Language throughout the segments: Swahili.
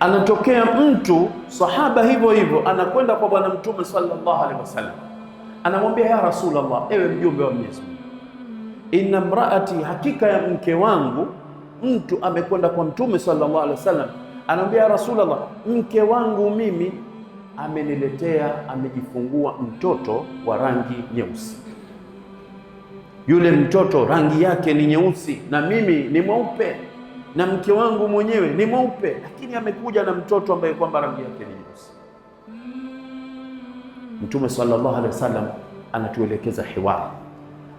anatokea mtu sahaba hivyo hivyo, anakwenda kwa Bwana Mtume sallallahu alaihi wasallam, anamwambia ya Rasulullah, ewe mjumbe wa Mwenyezi Mungu, inna mraati, hakika ya mke wangu. Mtu amekwenda kwa Mtume sallallahu alaihi wasallam, anamwambia ya Rasulullah, mke wangu mimi ameniletea, amejifungua mtoto wa rangi nyeusi. Yule mtoto rangi yake ni nyeusi na mimi ni mweupe na mke wangu mwenyewe ni mweupe, lakini amekuja na mtoto ambaye kwamba rangi yake ni nyeusi. Mm. Mtume sallallahu alaihi wasallam anatuelekeza hiwari,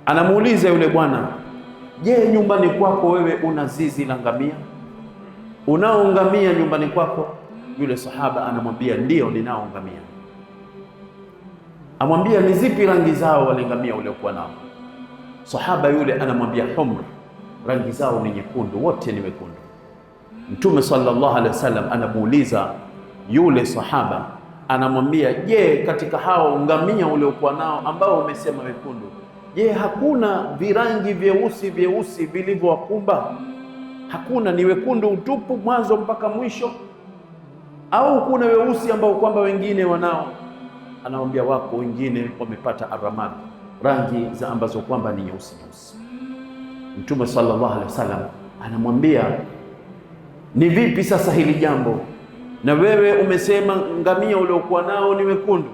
anamuuliza yule bwana, je, nyumbani kwako wewe una zizi la ngamia? Unao ngamia nyumbani kwako? Yule sahaba anamwambia ndiyo, ninao ngamia. Amwambia ni zipi rangi zao wale ngamia uliokuwa nao? Sahaba yule anamwambia humra rangi zao ni nyekundu, wote ni wekundu. Mtume sallallahu alaihi wasallam anamuuliza yule sahaba, anamwambia je, katika hao ngamia uliokuwa nao ambao umesema wekundu, je, hakuna virangi vyeusi vyeusi vilivyowakumba? Hakuna, ni wekundu utupu mwanzo mpaka mwisho? Au kuna weusi ambao kwamba wengine wanao? Anamwambia wako wengine wamepata aramani, rangi za ambazo kwamba ni nyeusi nyeusi Mtume sallallahu alaihi wasallam anamwambia ni vipi sasa hili jambo, na wewe umesema ngamia uliokuwa nao ni wekundu.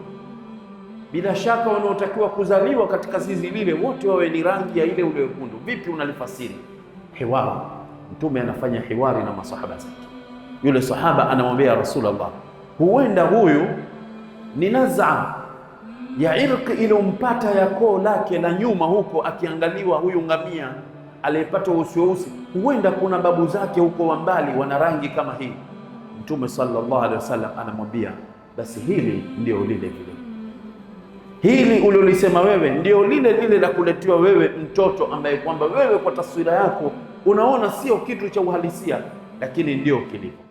Bila shaka wanaotakiwa kuzaliwa katika zizi lile wote wawe ni rangi ya ile uliokundu, vipi unalifasiri? Hiwari, mtume anafanya hiwari na masahaba zake. Yule sahaba anamwambia Rasulullah, huenda huyu ni nazaa ya irqi iliyompata ya koo lake la nyuma huko, akiangaliwa huyu ngamia aliyepata weusi weusi, huenda kuna babu zake huko wa mbali wana rangi kama hii. Mtume sallallahu alaihi wasallam anamwambia basi, hili ndio lile lile, hili uliolisema wewe ndio lile lile la kuletiwa wewe mtoto ambaye kwamba wewe kwa taswira yako unaona sio kitu cha uhalisia, lakini ndio kilipo.